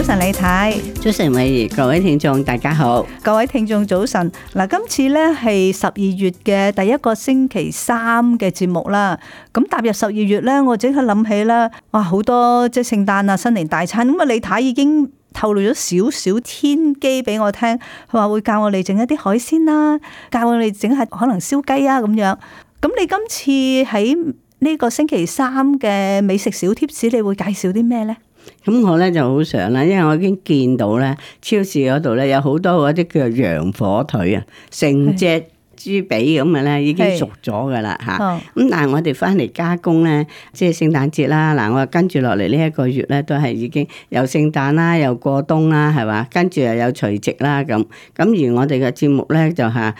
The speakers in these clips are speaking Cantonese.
早晨，李太。早晨，美儀，各位聽眾大家好。各位聽眾早晨。嗱，今次咧係十二月嘅第一個星期三嘅節目啦。咁踏入十二月咧，我即刻諗起啦。哇，好多即係聖誕啊，新年大餐。咁啊，李太已經透露咗少少天機俾我聽。佢話會教我哋整一啲海鮮啦，教我哋整下可能燒雞啊咁樣。咁你今次喺？呢個星期三嘅美食小貼士，你會介紹啲咩咧？咁我咧就好想啦，因為我已經見到咧，超市嗰度咧有好多嗰啲叫做羊火腿啊，成隻豬髀咁嘅咧已經熟咗噶啦嚇。咁但係我哋返嚟加工咧，即係聖誕節啦。嗱，我跟住落嚟呢一個月咧，都係已經又聖誕啦，又過冬啦，係嘛？跟住又有除夕啦咁。咁而我哋嘅節目咧就係，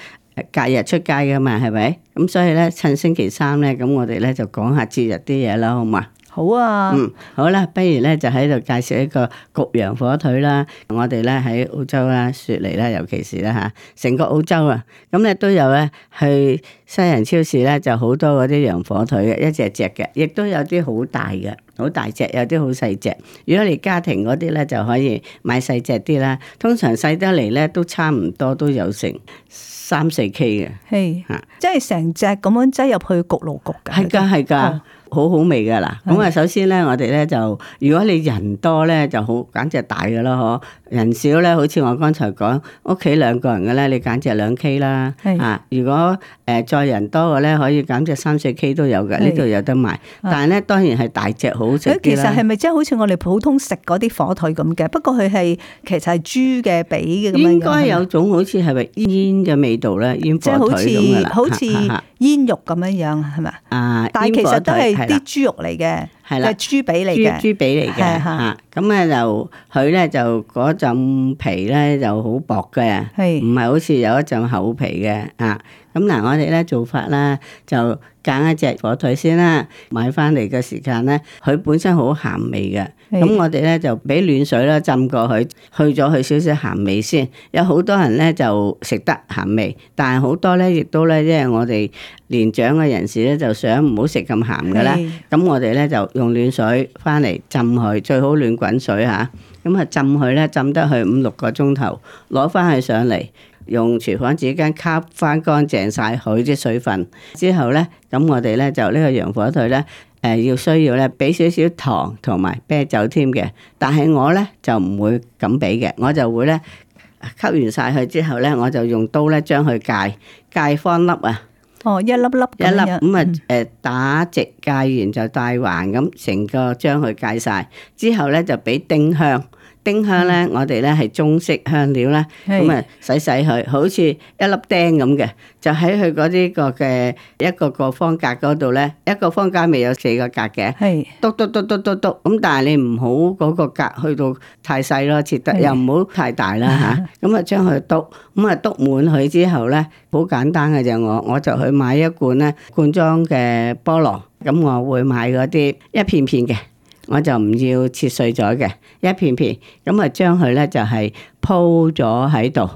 隔日出街嘅嘛，係咪？咁所以咧，趁星期三咧，咁我哋咧就講下節日啲嘢啦，好嘛？好啊，嗯，好啦，不如咧就喺度介紹一個焗羊火腿啦。我哋咧喺澳洲啦、雪梨啦，尤其是啦吓，成個澳洲啊，咁咧都有咧去。西人超市咧就好多嗰啲洋火腿嘅，一隻隻嘅，亦都有啲好大嘅，好大隻，有啲好細隻。如果你家庭嗰啲咧，就可以買細隻啲啦。通常細得嚟咧，都差唔多都有成三四 K 嘅。係啊是，是即係成隻咁樣擠入去焗爐焗㗎。係㗎，係㗎，好、哦、好味㗎嗱。咁啊的，首先咧，我哋咧就，如果你人多咧，就好揀隻大嘅咯，嗬。人少咧，好似我剛才講，屋企兩個人嘅咧，你揀隻兩 K 啦的。嚇！如果誒再人多嘅咧，可以揀隻三四 K 都有嘅，呢度的有得賣。但係咧，當然係大隻好食。其實係咪即係好似我哋普通食嗰啲火腿咁嘅？不過佢係其實係豬嘅髀嘅咁樣。應該有種好似係咪煙嘅味道咧？煙火腿咁嘅，好似煙肉咁樣樣係咪？啊！啊但係其實都係啲豬肉嚟嘅。是的 係啦，豬髀嚟嘅，豬髀嚟嘅吓，咁咧、啊、就佢咧就嗰陣皮咧就好薄嘅，唔係好似有一陣厚皮嘅啊。咁嗱，我哋咧做法啦，就揀一隻火腿先啦。買翻嚟嘅時間咧，佢本身好鹹味嘅。咁是我哋咧就俾暖水啦浸過去，去咗佢少少鹹味先。有好多人咧就食得鹹味，但係好多咧亦都咧，即係我哋年長嘅人士咧，就想唔好食咁鹹㗎啦。咁是我哋咧就用暖水翻嚟浸佢，最好暖滾水吓。咁啊浸佢咧，浸得佢五六個鐘頭，攞翻去上嚟。用廚房紙巾吸翻乾淨晒佢啲水分之後呢，咁我哋呢就呢個洋火腿呢，誒、呃、要需要呢俾少少糖同埋啤酒添嘅。但係我呢就唔會咁俾嘅，我就會呢吸完晒佢之後呢，我就用刀呢將佢戒。戒方粒啊，哦一粒粒一粒咁啊，誒打直戒完就帶橫咁，成個將佢戒晒。之後呢，就俾丁香。丁香咧，我哋咧係中式香料啦。咁啊、嗯、洗洗佢，好似一粒釘咁嘅，就喺佢嗰啲個嘅一個個方格嗰度咧，一個方格咪有四個格嘅，篤篤篤篤篤篤，咁但係你唔好嗰個格去到太細咯，切得又唔好太大啦吓，咁是啊將佢篤，咁啊篤滿佢之後咧，好簡單嘅就我我就去買一罐咧罐裝嘅菠蘿，咁我會買嗰啲一片片嘅。我就唔要切碎咗嘅一片片，咁啊將佢咧就係鋪咗喺度。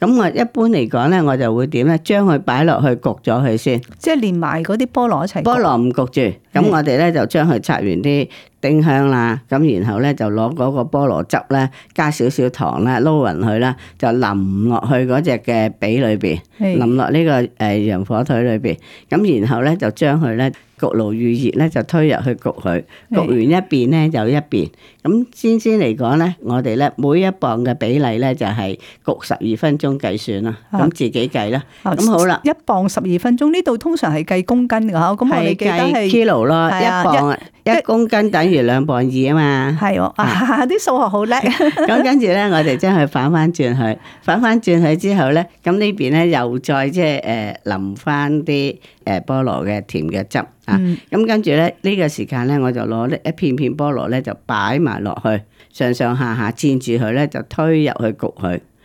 咁我一般嚟講咧，我就會點咧，將佢擺落去焗咗佢先。即係連埋嗰啲菠蘿一齊。菠蘿唔焗住。咁我哋咧就將佢拆完啲丁香啦，咁然後咧就攞嗰個菠蘿汁咧，加少少糖咧，撈匀佢啦，就淋落去嗰隻嘅髀裏邊，淋落呢個誒羊火腿裏邊。咁然後咧就將佢咧焗爐預熱咧，就推入去焗佢，焗完一邊咧就一邊。咁先先嚟講咧，我哋咧每一磅嘅比例咧就係焗十二分鐘計算啦，咁自己計啦。咁好啦，一磅十二分鐘，呢度通常係計公斤㗎嗬，咁我哋記得係。一磅一 1, 公斤等於兩磅二啊嘛，係喎，啲、啊、數、啊、學好叻。咁 跟住咧，我哋即係反翻轉去，反翻轉去之後咧，咁呢邊咧又再即係誒淋翻啲誒菠蘿嘅甜嘅汁啊。咁、嗯、跟住咧，呢、這個時間咧，我就攞呢一片片菠蘿咧，就擺埋落去上上下下濺住佢咧，就推入去焗佢。咁啊係焗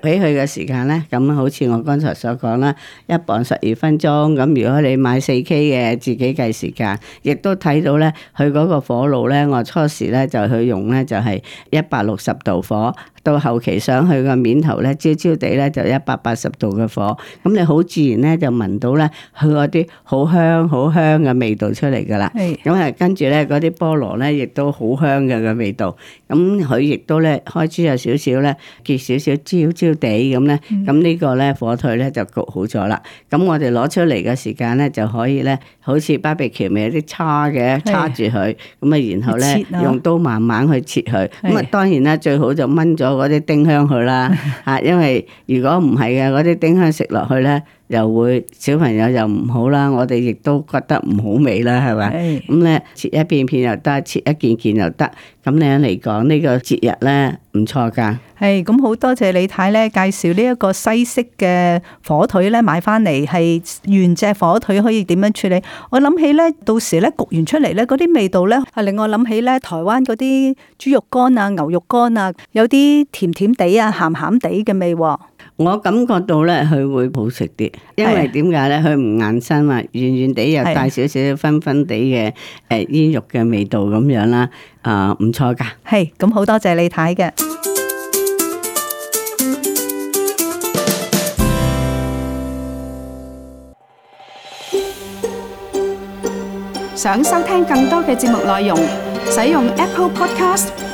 起佢嘅時間咧，咁好似我剛才所講啦，一磅十二分鐘。咁如果你買四 K 嘅，自己計時間，亦都睇到咧，佢嗰個火爐咧，我初時咧就去用咧就係一百六十度火。到後期上去個面頭咧，焦焦地咧就一百八十度嘅火，咁你好自然咧就聞到咧佢嗰啲好香好香嘅味道出嚟噶啦。咁啊跟住咧嗰啲菠蘿咧亦都好香嘅嘅味道，咁佢亦都咧開始有少少咧，結少少焦焦地咁咧，咁呢個咧火腿咧就焗好咗啦。咁我哋攞出嚟嘅時間咧就可以咧，好似芭比喬咪有啲叉嘅叉住佢，咁啊然後咧用刀慢慢去切佢，咁啊當然咧最好就燜咗。嗰啲丁香去啦，啊， 因為如果唔係嘅，嗰啲丁香食落去咧。又會小朋友又唔好啦，我哋亦都覺得唔好味啦，係咪？咁咧、哎嗯，切一片片又得，切一件件又得。咁樣嚟講，這個、節呢個節日咧唔錯㗎。係咁好，多謝李太咧介紹呢一個西式嘅火腿咧，買翻嚟係原隻火腿可以點樣處理？我諗起咧，到時咧焗完出嚟咧，嗰啲味道咧，係令我諗起咧台灣嗰啲豬肉乾啊、牛肉乾啊，有啲甜甜地啊、鹹鹹地嘅味喎。我感覺到咧，佢會好食啲，因為點解咧？佢唔硬身呀，軟軟地又帶少少粉粉地嘅，誒，煙肉嘅味道咁樣啦，啊唔錯噶。係，咁好多謝你睇嘅。想收聽更多嘅節目內容，使用 Apple Podcast。